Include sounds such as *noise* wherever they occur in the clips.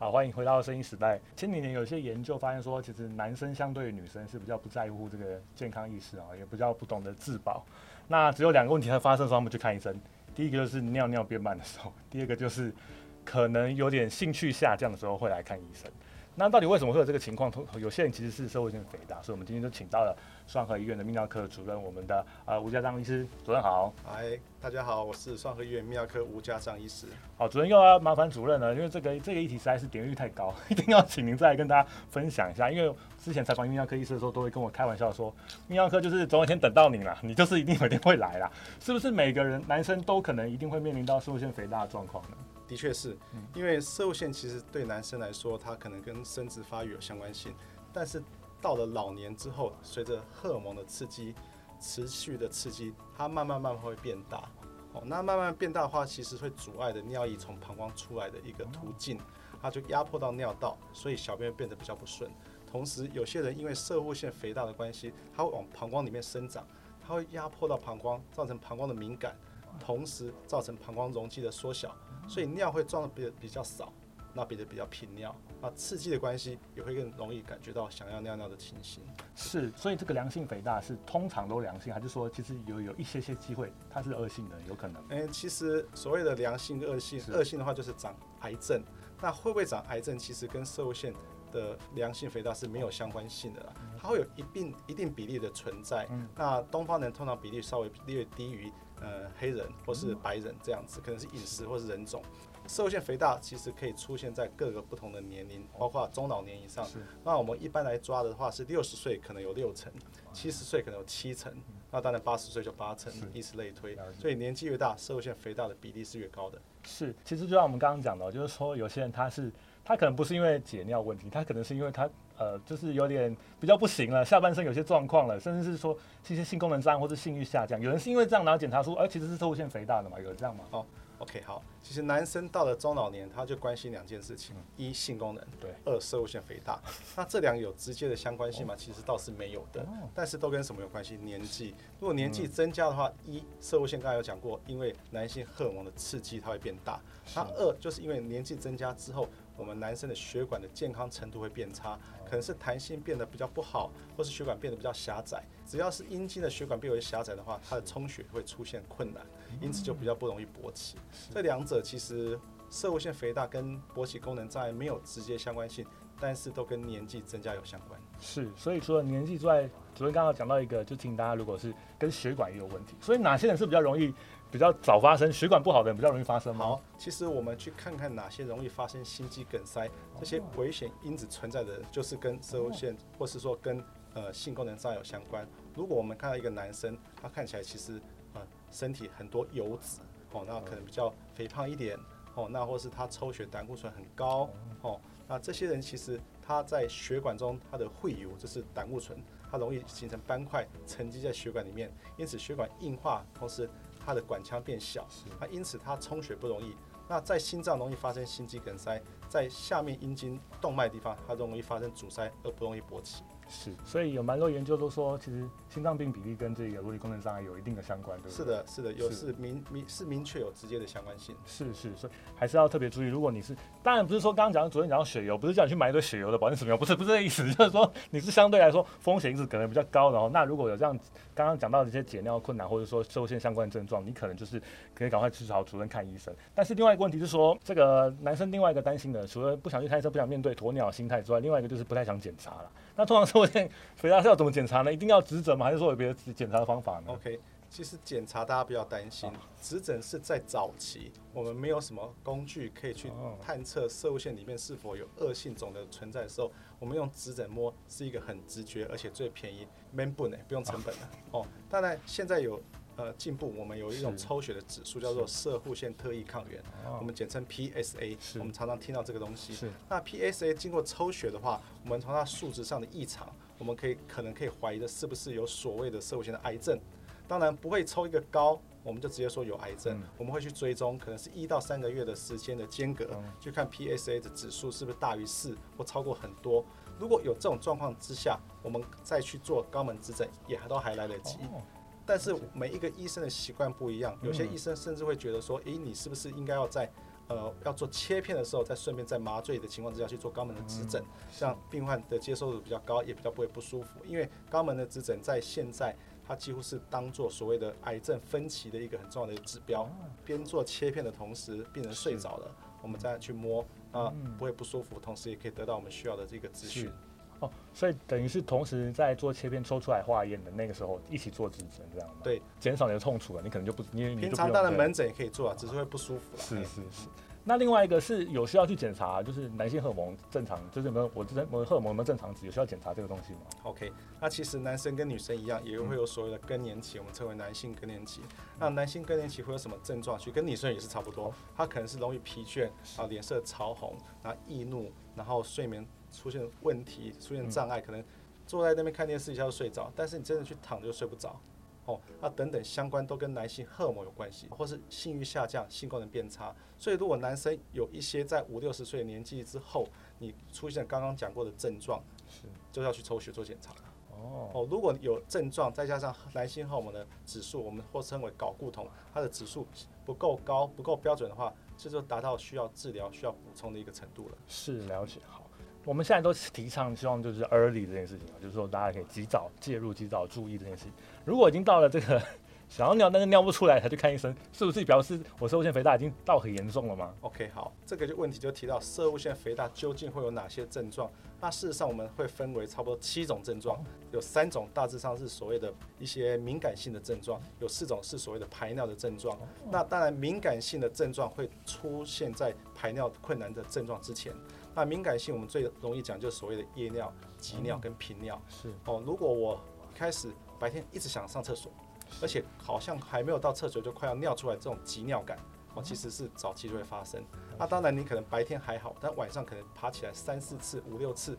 好，歡迎回到生醫時代。前幾年有些研究發現說，其實男生相對於女生是比較不在乎這個健康意識啊、哦，也比較不懂得自保。那只有兩個問題在發生的時候，他們去看醫生。第一個就是尿尿變慢的時候，第二個就是可能有點性趣下降的時候會來看醫生。那到底為什麼會有這個情況？有些人其實是攝護腺肥大，所以我們今天就請到了雙和醫院的泌尿科主任，我們的呃吳佳璋醫師。主任好，嗨，大家好，我是雙和醫院泌尿科吳佳璋醫師。好，主任又要麻煩主任了，因為這個這個議題實在是點閱率太高，一定要請您再來跟大家分享一下。因為之前採訪泌尿科醫師的時候，都會跟我開玩笑說，泌尿科就是總有一天等到你了，你就是一定有一天會來了。是不是每個人男生都可能一定會面臨到攝護腺肥大的狀況呢？的確是因為攝護腺其實對男生來說，它可能跟生殖發育有相關性，但是到了老年之後，隨着荷爾蒙的刺激，持續的刺激，它慢慢慢慢會變大。哦，那慢慢變大的話，其實會阻礙著尿液從膀胱出來的一個途徑，它就壓迫到尿道，所以小便變得比較不順。同時，有些人因為攝護腺肥大的關係，它會往膀胱裡面生長，它會壓迫到膀胱，造成膀胱的敏感，同時造成膀胱容積的縮小。所以尿會裝的比比較少，那比得比較頻尿，那刺激的關係也會更容易感覺到想要尿尿的情形。是，所以這個良性肥大是通常都良性，還是說其實有有一些些機會它是惡性的，有可能？誒、欸，其實所謂的良性、惡性，惡是性的話就是長癌症，那會不會長癌症？其實跟攝護腺的良性肥大是沒有相關性的啦。嗯它會有一定一定比例的存在，嗯、那東方人通常比例稍微略低於呃黑人或是白人這樣子，可能是飲食或是人種。攝護腺肥大其實可以出現在各個不同的年齡，包括中老年以上。是那我們一般來抓的話，是六十歲可能有六成，七十歲可能有七成，那當然八十歲就八成，以此是類推。所以年紀越大，攝護腺肥大的比例是越高的。是，其實就像我們剛剛講的，就是說有些人他是他可能不是因為解尿問題，他可能是因為他。呃，就是有點比較不行了，下半身有些狀況了，甚至是說這些性功能障礙或者性欲下降。有人是因為這樣，然後檢查出，哎、呃，其實是腎上腺肥大的嘛，有這樣嘛？哦、oh,，OK，好。其實男生到了中老年，他就關心兩件事情：嗯、一性功能，對；二攝護腺肥大。 *laughs* 那這兩個有直接的相關性嗎？Oh. 其實倒是沒有的，oh. 但是都跟什麼有關係？年紀。如果年紀增加的話，嗯、一攝護腺剛才有講過，因為男性荷爾蒙的刺激，它會變大；那是二就是因為年紀增加之後。我們男生的血管的健康程度會變差，可能是彈性變得比較不好，或是血管變得比較狹窄。只要是陰莖的血管變得狹窄的話，它的充血會出現困難，是因此就比較不容易勃起。這兩、嗯、者其實攝護腺肥大跟勃起功能障礙沒有直接相關性，但是都跟年紀增加有相關。是，所以說年紀在主任剛剛講到一個，就請大家如果是跟血管也有問題，所以哪些人是比較容易？比較早發生，血管不好的人比較容易發生嗎？好，其實我們去看看哪些容易發生心肌梗塞，這些危險因子存在的，就是跟生物線，或是說跟呃性功能上有相關。如果我們看到一個男生，他看起來其實呃身體很多油脂哦，那可能比較肥胖一點哦，那或是他抽血膽固醇很高哦，那這些人其實他在血管中，他的壞油就是膽固醇，它容易形成斑塊沉積在血管裡面，因此血管硬化，同時。它的管腔變小，那是、啊、因此它充血不容易，那在心臟容易發生心肌梗塞，在下面陰莖動脈的地方它容易發生阻塞，而不容易勃起。是，所以有蠻多的研究都說，其實心臟病比例跟這個生理功能障礙有一定的相關，對不對？是的，是的，有是，是明明是明確有直接的相關性。是是，所以還是要特別注意。如果你是，當然不是說剛剛講昨天講到血油，不是叫你去買一堆血油的保，保健什麼用？不是不是這意思，就是說你是相對來說風險因子可能比較高，然後那如果有這樣剛剛講到的一些解尿困難，或者說受限相關的症狀，你可能就是可以趕快去找主任看醫生。但是另外一個問題是說，這個男生另外一個擔心的，除了不想去開車、不想面對鴕鳥心態之外，另外一個就是不太想檢查了。那通常說。所以肥大是要怎麼檢查呢？一定要指診嗎？還是說有別的檢查的方法呢？OK，其實檢查大家不要擔心，指診、啊、是在早期，我們沒有什麼工具可以去探測攝護腺裡面是否有惡性腫的存在的時候，啊、我們用指診摸是一個很直覺而且最便宜 m a n b o n 呢，啊、不用成本的、啊、哦。當然現在有。呃，進步，我們有一種抽血的指數叫做攝護腺特異抗原，我們簡稱 PSA，我們常常聽到這個東西。是。那 PSA 經過抽血的話，我們從它數值上的異常，我們可以可能可以懷疑的是不是有所謂的攝護腺的癌症。當然不會抽一個高，我們就直接說有癌症。我們會去追蹤，可能是一到三個月的時間的間隔，去看 PSA 的指數是不是大於四或超過很多。如果有這種狀況之下，我們再去做肛門指診，也還都還來得及。但是每一個醫生的習慣不一樣，有些醫生甚至會覺得說，誒，你是不是應該要在，呃，要做切片的時候，再順便在麻醉的情況之下去做肛門的指診，這樣病患的接受度比較高，也比較不會不舒服。因為肛門的指診在現在，它幾乎是當做所謂的癌症分期的一個很重要的指標。邊做切片的同時，病人睡着了，是我們再去摸，啊，不會不舒服，同時也可以得到我們需要的這個資訊。哦，所以等於是同時在做切片抽出來化驗的那個時候，一起做指診，這樣嗎？對，減少你的痛楚了。你可能就不，你你平常當然門診也可以做啊，啊只是會不舒服、啊、是是是。那另外一個是有需要去檢查，就是男性荷爾蒙正常，就是有沒有我這荷爾蒙有沒有正常值，有需要檢查這個東西嗎？OK，那其實男生跟女生一樣，也會有所謂的更年期，嗯、我們稱為男性更年期。嗯、那男性更年期會有什麼症狀？其實跟女生也是差不多，嗯、他可能是容易疲倦啊，臉是色潮紅，然後易怒，然後睡眠。出現問題、出現障礙，嗯、可能坐在那邊看電視一下就睡着，但是你真的去躺就睡不着。哦，那等等相關都跟男性荷爾蒙有關係，或是性欲下降、性功能變差。所以如果男生有一些在五六十歲年紀之後，你出現剛剛講過的症狀，是就要去抽血做檢查。哦，哦，如果有症狀再加上男性荷爾蒙的指數，我們或稱為睾固酮它的指數不夠高、不夠標準的話，這就達到需要治療、需要補充的一個程度了。是，了解。嗯我們現在都提倡，希望就是 early 這件事情，就是說大家可以及早介入，及早注意這件事情。如果已經到了這個想要尿，但是尿不出來，才去看醫生，是不是表示我攝護腺肥大已經到很嚴重了嗎？OK，好，這個就問題就提到攝護腺肥大究竟會有哪些症狀？那事實上我們會分為差不多七種症狀，有三種大致上是所謂的一些敏感性的症狀，有四種是所謂的排尿的症狀。那當然敏感性的症狀會出現在排尿困難的症狀之前。那敏感性我們最容易講就是所謂的夜尿、急尿跟頻尿。嗯、是哦，如果我一開始白天一直想上廁所，是而且好像還沒有到廁所就快要尿出來這種急尿感，嗯、哦，其實是早期就會發生。那、嗯啊、當然你可能白天還好，但晚上可能爬起來三四次、五六次，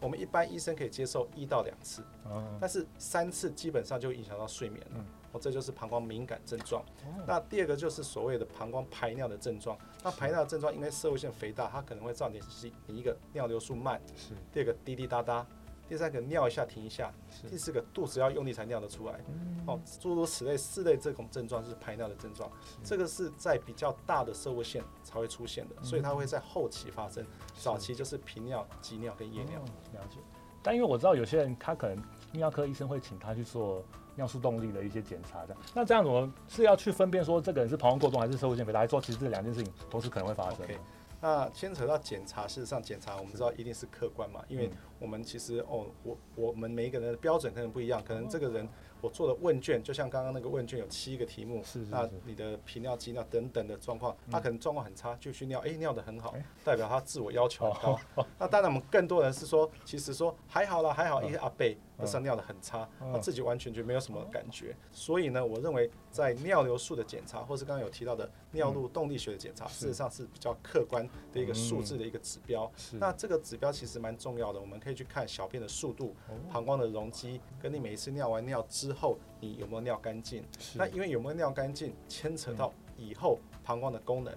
我們一般醫生可以接受一到兩次，嗯、但是三次基本上就會影響到睡眠了。嗯哦，這就是膀胱敏感症狀。Oh. 那第二個就是所謂的膀胱排尿的症狀。那排尿的症狀，因為攝護腺肥大，是它可能會造成，你，一個尿流速慢，是，第二個滴滴答答，第三個尿一下停一下，是第四個肚子要用力才尿得出來。Mm hmm. 哦，諸如此類四類這種症狀就是排尿的症狀。是這個是在比較大的攝護腺才會出現的，mm hmm. 所以它會在後期發生，mm hmm. 早期就是頻尿、急尿跟夜尿。嗯，了解。但因為我知道有些人，他可能泌尿科醫生會請他去做。尿素動力的一些檢查，這樣，那這樣子我們是要去分辨說這個人是膀胱過動還是攝護腺肥大來說，其實這兩件事情同時可能會發生。Okay, 那牽扯到檢查，事實上檢查我們知道一定是客觀嘛，是因為我們其實哦，我我們每一個人的標準可能不一樣，可能這個人、哦啊、我做的問卷，就像剛剛那個問卷有七個題目，是是,是那你的頻尿、急尿,尿等等的狀況，他、嗯啊、可能狀況很差，就去尿，哎、欸，尿得很好，欸、代表他自我要求很高。哦哦哦那當然我們更多人是說，其實說還好啦，還好，哦、一阿伯。事實上尿得很差，他自己完全就沒有什麼感覺。啊、所以呢，我認為在尿流速的檢查，或是剛剛有提到的尿路動力學的檢查，嗯、事實上是比較客觀的一個數字的一個指標。嗯、那這個指標其實蠻重要的，我們可以去看小便的速度、哦、膀胱的容積，跟你每一次尿完尿之後你有沒有尿乾淨。是那因為有沒有尿乾淨，牽扯到以後膀胱的功能。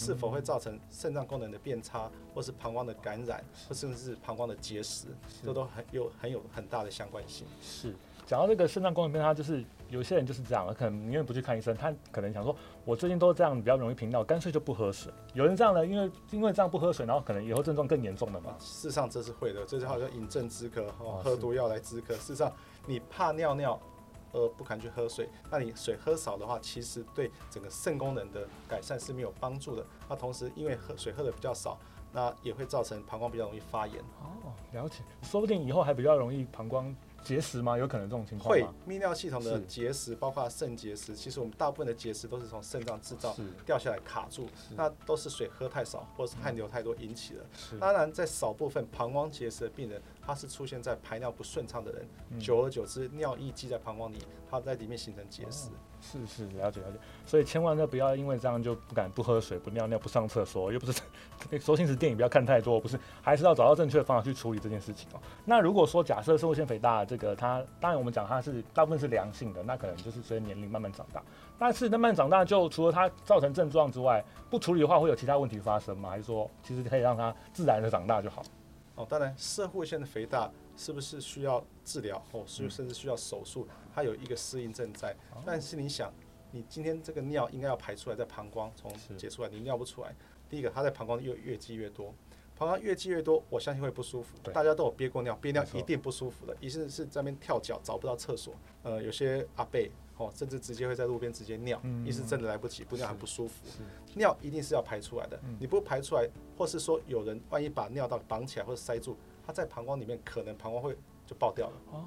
是否會造成腎臟功能的變差，或是膀胱的感染，或甚至是膀胱的結石，這是都很有很有很大的相關性。是，講到這個腎臟功能變差，就是有些人就是這樣，可能寧願不去看醫生，他可能想說，我最近都是這樣，比較容易頻尿，乾脆就不喝水。有人這樣呢，因為因為這樣不喝水，然後可能以後症狀更嚴重了嘛、啊。事實上這是會的，這句話叫飲鴆止渴，哦、喝毒藥來止渴。啊、事實上你怕尿尿。呃，不敢去喝水，那你水喝少的話，其實對整個腎功能的改善是沒有幫助的。那同時，因為喝水喝得比較少，那也會造成膀胱比較容易發炎。哦，了解。說不定以後還比較容易膀胱結石嗎？有可能這種情況。會，泌尿系統的結石，是包括腎結石，其實我們大部分的結石都是從腎臟製造掉下來卡住，是那都是水喝太少或是汗流太多引起的。嗯、當然，在少部分膀胱結石的病人。它是出現在排尿不順暢的人，久而久之尿液積在膀胱裡，它在裡面形成結石。嗯啊。是是，了解了解。所以千萬都不要因為這樣就不敢不喝水、不尿尿、不上廁所，又不是說平時電影不要看太多，不是，還是要找到正確的方法去處理這件事情哦。那如果說假設攝護腺肥大，這個它當然我們講它是大部分是良性的，那可能就是隨着年齡慢慢長大。但是慢慢長大就除了它造成症狀之外，不處理的話會有其他問題發生嗎？還是說其實可以讓它自然的長大就好？哦，當然，攝護腺的肥大是不是需要治療？哦，是，甚至需要手術，它有一個適應症在。但是你想，你今天這個尿應該要排出來，在膀胱從解出來，你尿不出來，是第一個它在膀胱越積越、越多，膀胱越積越多，我相信會不舒服。大家都有憋過尿，憋尿一定不舒服的，一錯是是在那邊跳腳找不到廁所，呃，有些阿伯。哦，甚至直接會在路邊直接尿，一是、嗯、真的來不及，不尿很不舒服，尿一定是要排出來的，嗯、你不排出來，或是說有人萬一把尿道綁起來或者塞住，它在膀胱裡面可能膀胱會就爆掉了。哦，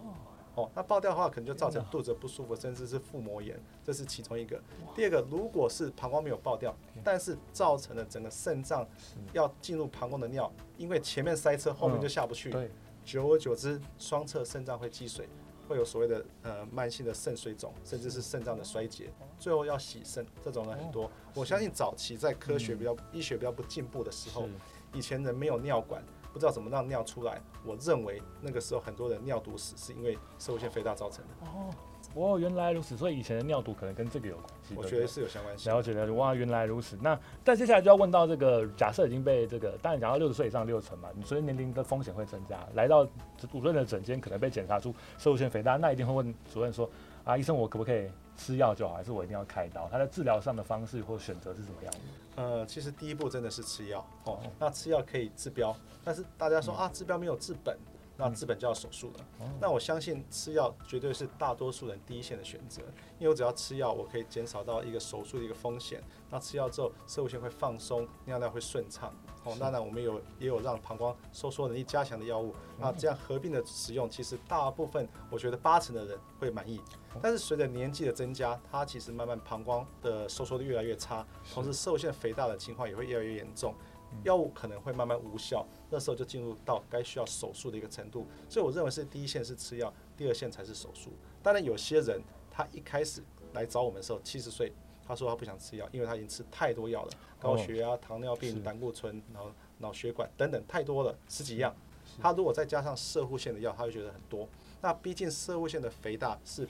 哦，那爆掉的話，可能就造成肚子不舒服，哪甚至是腹膜炎，這是其中一個。哇第二個，如果是膀胱沒有爆掉，嗯、但是造成了整個腎臟要進入膀胱的尿，因為前面塞車，後面就下不去，哦、對、久而久之，雙側腎臟會積水。會有所謂的呃，慢性的腎水腫，甚至是腎臟的衰竭，是最後要洗腎，這種呢，很多。哦、我相信早期在科學比較、嗯、醫學比較不進步的時候，是以前人沒有尿管，不知道怎麼讓尿出來。我認為那個時候很多人尿毒死，是因為攝護腺肥大造成的。哦哦，原來如此，所以以前的尿毒可能跟這個有關係，我覺得是有相關性的。了解了哇，原來如此。那但接下來就要問到這個，假設已經被這個，當然講到六十歲以上六成嘛，你隨着年齡的風險會增加，來到主任的診間可能被檢查出攝護腺肥大，那一定會問主任說，啊，醫生我可不可以吃藥就好，還是我一定要開刀？他在治療上的方式或選擇是怎麼樣的？呃，其實第一步真的是吃藥哦。嗯、那吃藥可以治標，但是大家說啊，治標沒有治本。嗯那治本就要手術了。嗯、那我相信吃藥絕對是大多數人第一線的選擇，因為我只要吃藥，我可以減少到一個手術的一個風險。那吃藥之後，攝護腺會放鬆，尿尿會順暢。哦，當然我們也有也有讓膀胱收縮能力加強的藥物。那這樣合併的使用，其實大部分我覺得八成的人會滿意。但是隨着年紀的增加，它其實慢慢膀胱的收縮力越來越差，同時攝護腺肥大的情況也會越來越嚴重。藥物可能會慢慢無效，那時候就進入到該需要手術的一個程度，所以我認為是第一線是吃藥，第二線才是手術。當然，有些人他一開始來找我們的時候，七十歲，他說他不想吃藥，因為他已經吃太多藥了，高血壓、糖尿病、膽固醇，哦、然後腦血管等等太多了，十幾樣。他如果再加上攝護腺的藥，他會覺得很多。那畢竟攝護腺的肥大是。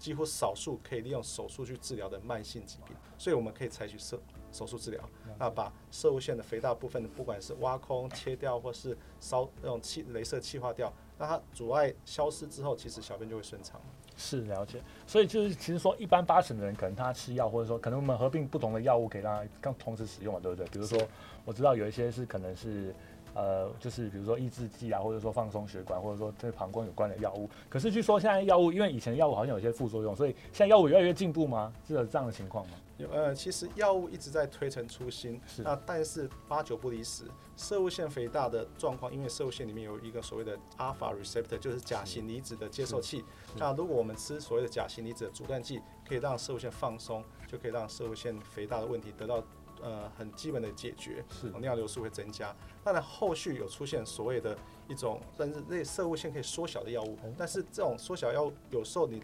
幾乎少數可以利用手術去治療的慢性疾病，所以我們可以採取手手術治療，了解。那把攝護腺的肥大部分的，不管是挖空、切掉，或是燒那種氣、雷射氣化掉，那它阻礙消失之後，其實小便就會順暢。是，了解。所以就是其實說，一般八成的人可能他吃藥，或者說可能我們合併不同的藥物，可以讓他同時使用嘛，對不對？比如說我知道有一些是可能是。呃，就是比如說抑制劑啊，或者說放鬆血管，或者說對膀胱有關的藥物。可是據說現在藥物，因為以前藥物好像有些副作用，所以現在藥物越來越進步嗎？是有這樣的情況嗎？有，呃，其實藥物一直在推陳出新，是。那但是八九不離十，攝護腺肥大的狀況，因為攝護腺裡面有一個所謂的 alpha receptor，就是甲型離子的接受器。是那如果我們吃所謂的甲型離子的阻斷劑，可以讓攝護腺放鬆，就可以讓攝護腺肥大的問題得到。呃，很基本的解決，是尿流速會增加。那是然後續有出現所謂的一種，但是那攝護腺可以縮小的藥物，嗯、但是這種縮小藥物有時候你，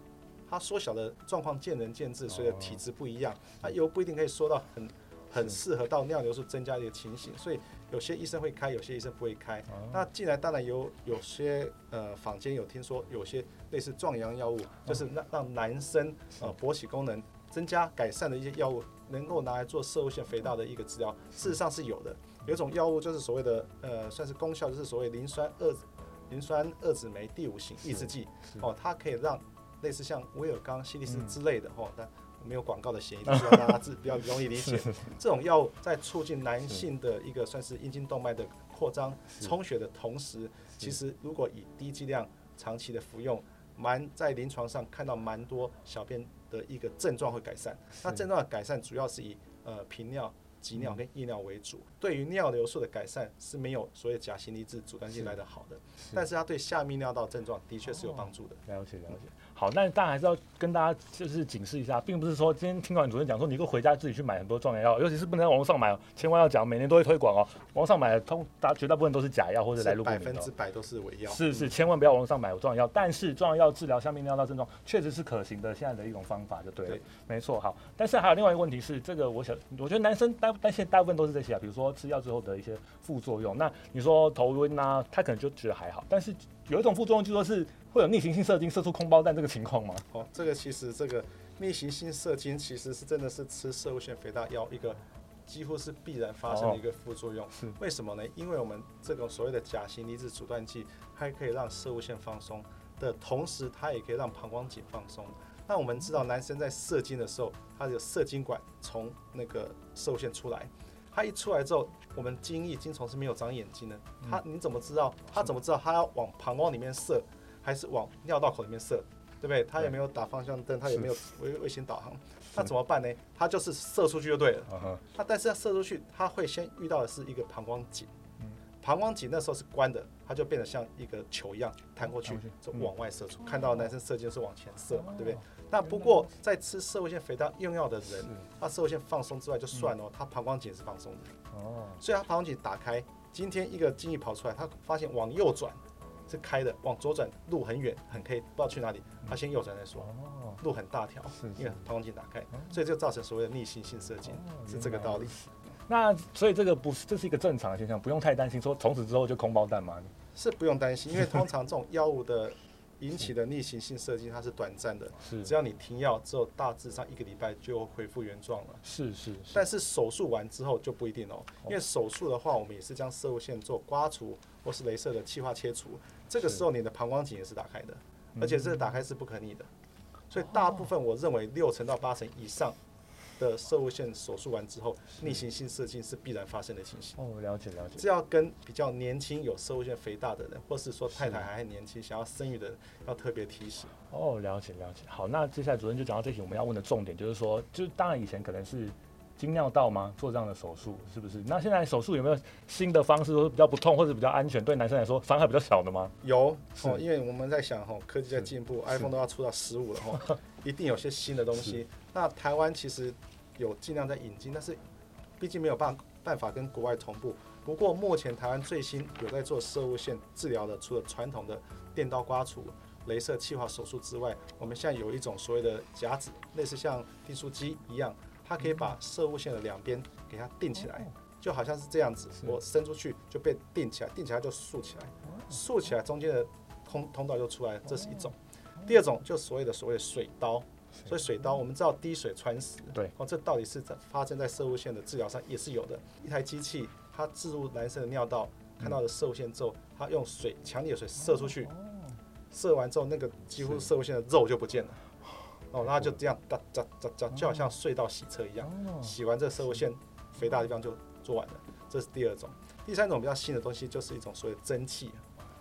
它縮小的狀況見仁見智，隨着體質不一樣，哦、它又不一定可以縮到很很適合到尿流速增加的一個情形。是所以有些醫生會開，有些醫生不會開。嗯、那既然當然有有些呃坊間有聽說有些類似壯陽藥物，嗯、就是讓讓男生呃勃起功能增加改善的一些藥物。能夠拿來做攝護腺肥大的一個治療，事實上是有的。有一種藥物就是所謂的，呃，算是功效就是所謂磷酸二磷酸二酯酶第五型抑制劑，哦，它可以讓類似像威而鋼、犀利士之類的，嗯、哦，但沒有廣告的嫌疑，希望、嗯、大家是比較容易理解。 *laughs* 是這種藥物在促進男性的一個算是陰莖動脈的擴張、充血的同時，是其實如果以低劑量長期的服用，蠻在臨床上看到蠻多小便的一個症狀會改善，是那症狀的改善主要是以呃頻尿、急尿跟夜尿為主。嗯、對於尿流速的改善是沒有，所謂甲型離子阻斷劑來的好的，是是，但是它對下泌尿道症狀的確是有幫助的。哦、了解，了解。嗯那但當然還是要跟大家就是警示一下，並不是說今天聽完主任講說，你可回家自己去買很多壯陽藥，尤其是不能在網上買，千萬要講每年都會推廣哦。網上買的通大絕大部分都是假藥或者來路不明的，百分之百都是偽藥，是是，千萬不要網上買壯陽藥。嗯、但是壯陽藥治療下泌尿道症狀確實是可行的，現在的一種方法，就對了。對沒錯，好。但是還有另外一個問題是，這個我想，我覺得男生大但現在大部分都是這些啊，比如說吃藥之後的一些副作用。那你說頭暈啊，他可能就覺得還好，但是。有一種副作用，就是說是會有逆行性射精，射出空包彈。這個情況嗎？哦，這個其實這個逆行性射精其實是真的是吃攝護腺肥大藥一個幾乎是必然發生的一個副作用。Oh. 為什麼呢？因為我們這個所謂的甲型離子阻斷劑，它可以讓攝護腺放鬆的同時，它也可以讓膀胱頸放鬆。那我們知道，男生在射精的時候，他有射精管從那個攝護腺出來，他一出來之後。我們精液、精蟲是沒有長眼睛的，嗯、它你怎麼知道？是它怎麼知道它要往膀胱裡面射，還是往尿道口裡面射？對不對？它也沒有打方向燈，對它也沒有微衛星導航，那是怎麼辦呢？它就是射出去就對了。那是但是要射出去，它會先遇到的是一個膀胱頸。膀胱頸那時候是關的，它就變得像一個球一樣彈過去，就往外射出。看到男生射精是往前射嘛，對不對？那不過在吃攝護腺肥大用藥的人，他攝護腺放鬆之外就算哦，他膀胱頸是放鬆的。所以他膀胱頸打開，今天一個精液跑出來，他發現往右轉是開的，往左轉路很遠，很黑，不知道去哪裡，他先右轉再說，路很大條，因為膀胱頸打開，所以就造成所謂的逆行性射精，是這個道理。那所以這個不是，這是一個正常的現象，不用太擔心。說從此之後就空包彈嗎？是不用擔心，因為通常這種藥物的引起的逆行性射精，它是短暫的，是只要你停藥之後，大致上一個禮拜就恢復原狀了。是是，是但是手術完之後就不一定哦，是是是因為手術的話，我們也是將射精線做刮除或是鐳射的氣化切除，是這個時候你的膀胱頸也是打開的，而且這個打開是不可逆的，嗯、所以大部分我認為六成到八成以上。的攝護腺手術完之後，是逆行性射精是必然發生的情形。哦，了解了解。這要跟比較年輕有攝護腺肥大的人，或是說太太還很年輕是想要生育的人，要特別提醒。哦，了解了解。好，那接下來主任就講到這題，我們要問的重點就是說，就是當然以前可能是經尿道嗎做這樣的手術，是不是？那現在手術有沒有新的方式，是比較不痛或者比較安全，對男生來說傷害比較小的嗎？有，是哦，因為我們在想，吼，科技在進步是，iPhone 都要出到十五了，吼，一定有些新的東西。那台灣其實有盡量在引進，但是畢竟沒有辦法辦法跟國外同步。不過目前台灣最新有在做攝護腺治療的，除了傳統的電刀刮除、雷射汽化手術之外，我們現在有一種所謂的夾子，類似像訂書機一樣，它可以把攝護腺的兩邊給它訂起來，就好像是這樣子，我伸出去就被訂起來，訂起來就豎起來，豎起來中間的通通道就出來，這是一種。第二種就所謂的所謂水刀。所以水刀，我們知道滴水穿石，對，哦，這到底是發生在攝護腺的治療上也是有的。一台機器，它置入男生的尿道，嗯、看到的攝護腺之後，它用水強力的水射出去，哦哦、射完之後，那個幾乎攝護腺的肉就不見了，是哦，那就這樣噠噠噠噠，就好像隧道洗車一樣，哦、洗完這個攝護腺是肥大的地方就做完了。這是第二種，第三種比較新的東西就是一種所謂的蒸汽。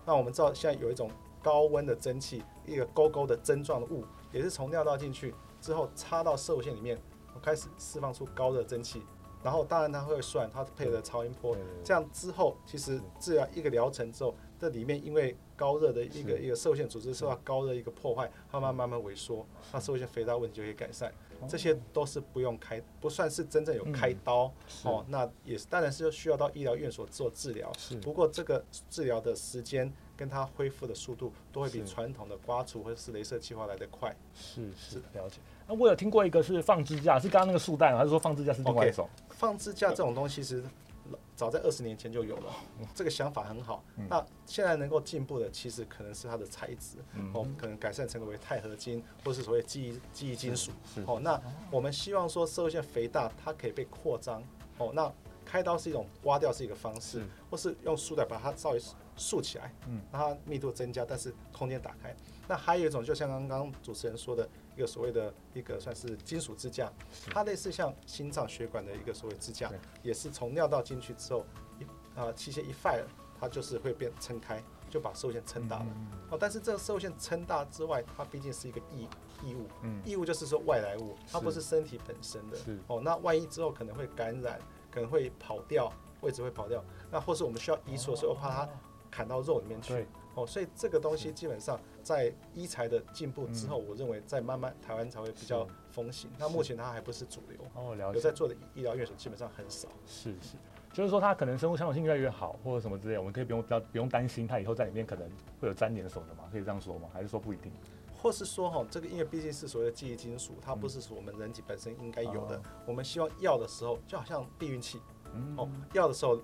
那我們知道現在有一種高溫的蒸汽，一個勾勾的針狀的物。也是從尿道進去之後，插到攝護腺裡面，開始釋放出高熱蒸汽，然後當然它會算它配的超音波，嗯、這樣之後其實治療一個療程之後，這裡面因為高熱的一個是一個攝護腺組織受到高熱一個破壞，它慢慢慢慢萎縮，那攝護腺肥大問題就會改善，這些都是不用開，不算是真正有開刀，嗯、哦，那也是當然是需要到醫療院所做治療，是不過這個治療的時間，跟它恢復的速度都會比傳統的刮除或者是雷射汽化來得快。是是，是。了解。那我有聽過一個是放支架，是剛剛那個束帶，還是說放支架是另外一種？Okay, 放支架這種東西其實、嗯、早在二十年前就有了，這個想法很好。嗯、那現在能夠進步的，其實可能是它的材質，嗯、哦，可能改善成為鈦合金，或是所謂記憶記憶金屬。是是哦，那我們希望說，攝護腺肥大它可以被擴張。哦，那開刀是一種刮掉是一個方式，嗯、或是用束帶把它稍微。豎起來，嗯，它密度增加，但是空間打開。那還有一種，就像剛剛主持人說的，一個所謂的、一個算是金屬支架，它類似像心臟血管的一個所謂支架，也是從尿道進去之後，一呃器械一 fire，它就是會變撐開，就把攝護腺撐大了。嗯嗯、哦，但是這個攝護腺撐大之外，它畢竟是一個異異物，異物、嗯、異物就是說外來物，它不是身體本身的。哦，那萬一之後可能會感染，可能會跑掉，位置會跑掉，那或是我們需要移除的時候，怕它。砍到肉裡面去，對哦，所以這個東西基本上在醫材的進步之後，是我認為在慢慢台灣才會比較風行。那是目前它還不是主流，哦、了解，有在做的醫療院所基本上很少。是是，就是說它可能生物相容性越來越好，或者什麼之類，我們可以不用不要不用擔心它以後在裡面可能會有粘連什麼的嘛？可以這樣說嗎？還是說不一定？或是說哈、哦，這個因為畢竟是所謂的記憶金屬，它不是我們人體本身應該有的。嗯、我們希望要的時候，就好像避孕器，嗯、哦，要的時候。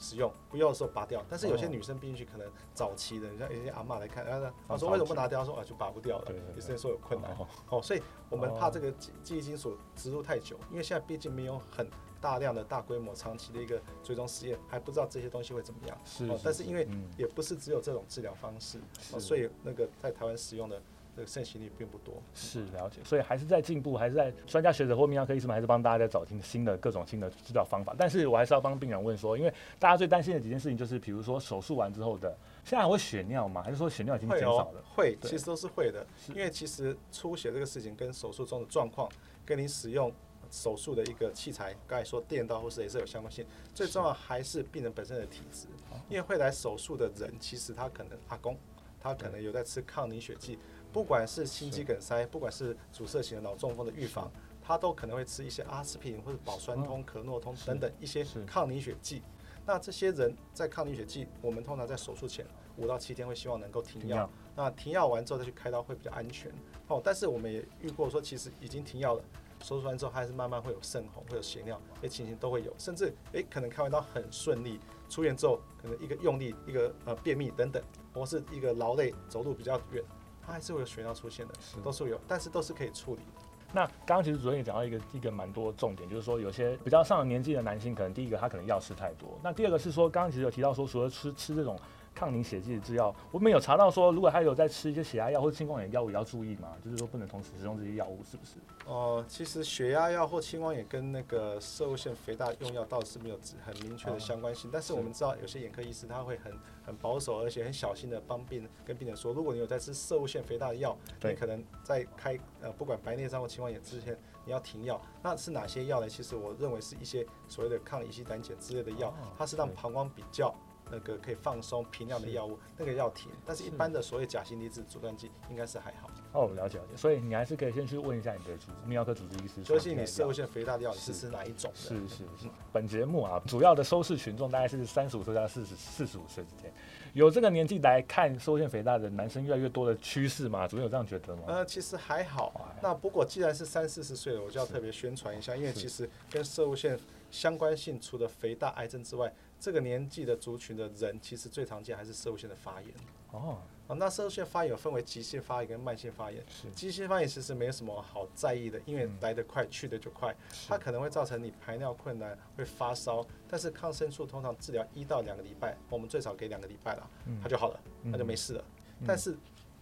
使用不要的時候拔掉，但是有些女生進去可能早期的，人家有些阿嬤來看，然後說，說為什麼不拿掉？說啊就拔不掉了，醫生說有困難，哦，哦，哦，所以我們怕這個記憶金屬植入太久，哦、因為現在畢竟沒有很大量的大規模長期的一個追蹤實驗，還不知道這些東西會怎麼樣。是，是，是、哦，但是因為也不是只有這種治療方式，所以那個在台灣使用的。這個盛行率並不多。嗯是，是了解，所以還是在進步，還是在專家學者或泌尿科醫生們還是幫大家在找尋新的各種新的治療方法。但是我還是要幫病人問說，因為大家最擔心的幾件事情就是，比如說手術完之後的，現在還會血尿嗎？還是說血尿已經減少了？會、哦、會，對其實都是會的，是因為其實出血這個事情跟手術中的狀況，跟你使用手術的一個器材，剛才說電刀或是也是有相關性。最重要還是病人本身的體質，是因為會來手術的人，其實他可能阿公，他可能有在吃抗凝血劑。不管是心肌梗塞，是不管是阻塞性的腦中風的預防，是他都可能會吃一些阿司匹林或者保酸通、是可諾通等等一些抗凝血劑。是那這些人在抗凝血劑，我們通常在手術前五到七天會希望能夠停藥。停藥那停藥完之後再去開刀會比較安全。哦，但是我們也遇過說，其實已經停藥了，手術完之後還是慢慢會有滲紅、會有血尿，這、欸、情形都會有。甚至誒、欸，可能開完刀很順利，出院之後可能一個用力，一個呃便秘，等等，或是一個勞累，走路比較遠。還是會有血尿出現的，是都是有，但是都是可以處理的。那剛剛其實主任也講到一個一個蠻多重點，就是說有些比較上了年紀的男性，可能第一個他可能藥吃太多，那第二個是說剛剛其實有提到說，除了吃吃這種。抗凝血劑的製藥，我們有查到說，如果他有在吃一些血壓藥或者青光眼藥物，也要注意嘛？就是說不能同時使用這些藥物，是不是？哦、呃，其實血壓藥或青光眼跟那個攝護腺肥大用藥倒是沒有很明確的相關性，啊、但是我們知道有些眼科醫師他會很很保守，而且很小心的幫病跟病人說，如果你有在吃攝護腺肥大的藥，對你可能在開呃不管白內障或青光眼之前，你要停藥。那吃哪些藥呢？其實我認為是一些所謂的抗乙酰膽鹼之類的藥，啊、它是讓膀胱比較。那個可以放鬆、頻尿的藥物，是那個藥停，但是一般的所謂假性離子阻斷劑應該是還好。哦，了解了解，所以你還是可以先去問一下你的主治泌尿科主治醫師，究竟你攝護腺肥大的藥是，是是哪一種的？是是是，是，是，本節目啊，主要的收視群眾大概是三十五歲到四十四十五歲之間，有這個年紀來看攝護腺肥大的男生越來越多的趨勢嗎？主任有這樣覺得嗎？呃，其實還好啊，呀那不過既然是三四十歲，我就要特別宣傳一下，是因為其實跟攝護腺相關性，除了肥大癌症之外。這個年紀的族群的人，其實最常見還是攝護腺的發炎。哦、oh. 啊，那那攝護腺發炎有分為急性發炎跟慢性發炎。是。急性發炎其實沒有什麼好在意的，因為來得快、嗯、去得就快。是它可能會造成你排尿困難，會發燒，但是抗生素通常治療一到兩個禮拜，我們最少給兩個禮拜了，嗯、它就好了，那就沒事了。嗯、但是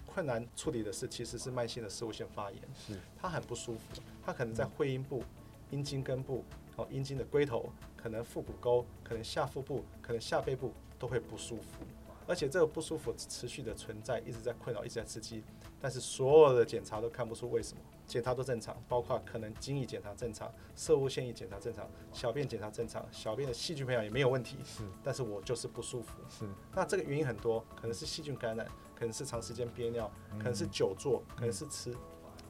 困難處理的是其實是慢性的攝護腺發炎。是。它很不舒服，它可能在會陰部、陰莖、嗯、根部，哦，陰莖的龜頭。可能腹股溝，可能下腹部，可能下背部都會不舒服，而且這個不舒服持續的存在，一直在困擾，一直在刺激。但是所有的檢查都看不出為什麼，檢查都正常，包括可能精液檢查正常，攝護腺液檢查正常，小便檢查正常，小便的細菌培養也沒有問題，是，但是我就是不舒服，是，那這個原因很多，可能是細菌感染，可能是長時間憋尿，可能是久坐，嗯、可能是吃。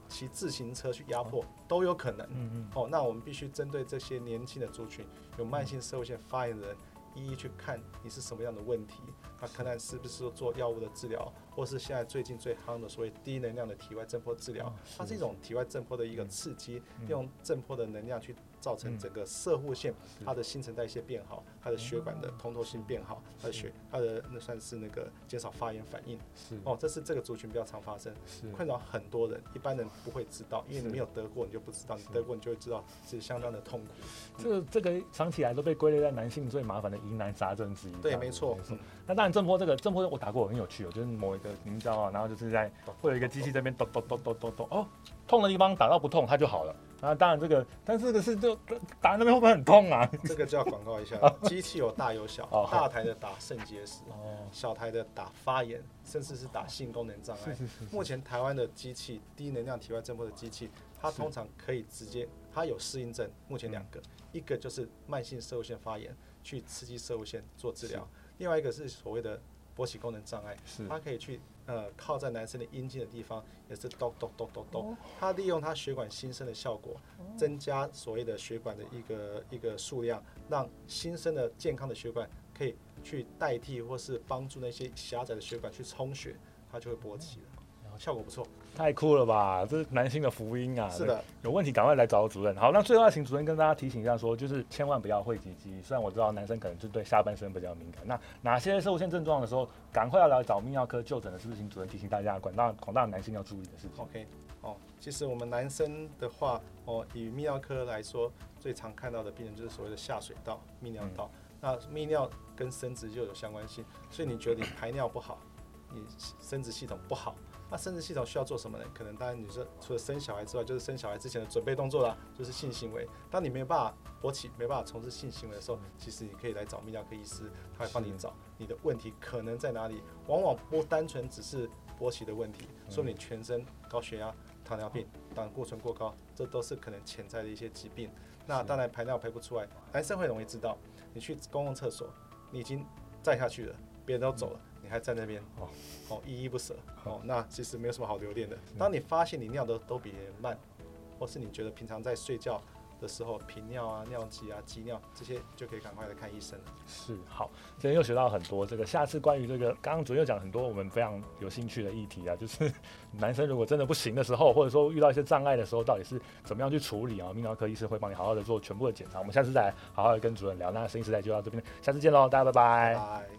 騎自行車去壓迫都有可能，嗯嗯哼，哦，那我們必須針對這些年輕的族群有慢性社會性發炎的人，一一去看你是什麼樣的問題，那看看是不是做藥物的治療，或是現在最近最夯的所謂低能量的體外震波治療，啊、是是它是一種體外震波的一個刺激，嗯、用震波的能量去。造成整個攝護腺，它的新陳代謝變好，它的血管的通透性變好，它的血，它的那算是那個減少發炎反應。是哦，這是這個族群比較常發生，是困擾很多人，一般人不會知道，因為你沒有得過，你就不知道，你得過你就會知道是相當的痛苦。這個、嗯、這個長期來都被歸類在男性最麻煩的疑難雜症之一。對，我沒錯。嗯、那當然，震波這個震波個我打過，很有趣哦，就是某一個凝膠啊，然後就是在會有一個機器這邊咚咚咚咚咚咚，哦，痛的地方打到不痛，它就好了。啊，當然這個，但是這個是就打那邊會不會很痛啊？這個就要廣告一下，機器有大有小， *laughs* 大台的打腎結石，哦、小台的打發炎，甚至是打性功能障礙。哦、是是是是目前台灣的機器，低能量體外震波的機器，它通常可以直接，是它有適應症，目前兩個，嗯、一個就是慢性攝護腺發炎，去刺激攝護腺做治療；，是另外一個是所謂的勃起功能障礙，它可以去。呃，靠在男生的陰莖的地方，也是咚咚咚咚咚，它、oh. 利用它血管新生的效果，增加所謂的血管的一個、oh. 一個數量，讓新生的健康的血管可以去代替或是幫助那些狹窄的血管去充血，它就會勃起了，oh. 效果不錯。太酷了吧！這是男性的福音啊！是的，有問題趕快來找主任。好，那最後要請主任跟大家提醒一下說，說就是千萬不要諱疾忌醫。雖然我知道男生可能就對下半身比較敏感，那哪些受限症狀的時候，趕快要來找泌尿科就診的是不是？請主任提醒大家廣大廣大男性要注意的事情。OK，哦、oh,，其實我們男生的話，哦，以泌尿科來說，最常看到的病人就是所謂的下水道泌尿道。嗯、那泌尿跟生殖就有相關性，所以你覺得你排尿不好，嗯、你生殖系統不好。那生殖系統需要做什麼呢？可能當然你說除了生小孩之外，就是生小孩之前的準備動作啦，就是性行為。當你沒有辦法勃起，沒辦法從事性行為的時候，的其實你可以來找泌尿科醫師，他會幫你找你的問題可能在哪裡。的往往不單純只是勃起的問題，嗯、說你全身高血壓、糖尿病、膽固醇過高，這都是可能潛在的一些疾病。的那當然排尿排不出來，男生會容易知道。你去公共廁所，你已經站下去了，別人都走了。嗯你還在那邊哦哦依依不舍哦，哦那其實沒有什麼好留戀的。嗯，當你發現你尿的都比別人慢，或是你覺得平常在睡覺的時候頻尿啊、尿急啊、急尿這些，就可以趕快來看醫生了。是，好，今天又學到很多。這個下次關於這個剛剛主任又講很多我們非常有興趣的議題啊，就是男生如果真的不行的時候，或者說遇到一些障礙的時候，到底是怎麼樣去處理啊？泌尿科醫師會幫你好好的做全部的檢查。我們下次再來好好的跟主任聊。那生醫時代就到這邊，下次見嘍，大家拜拜。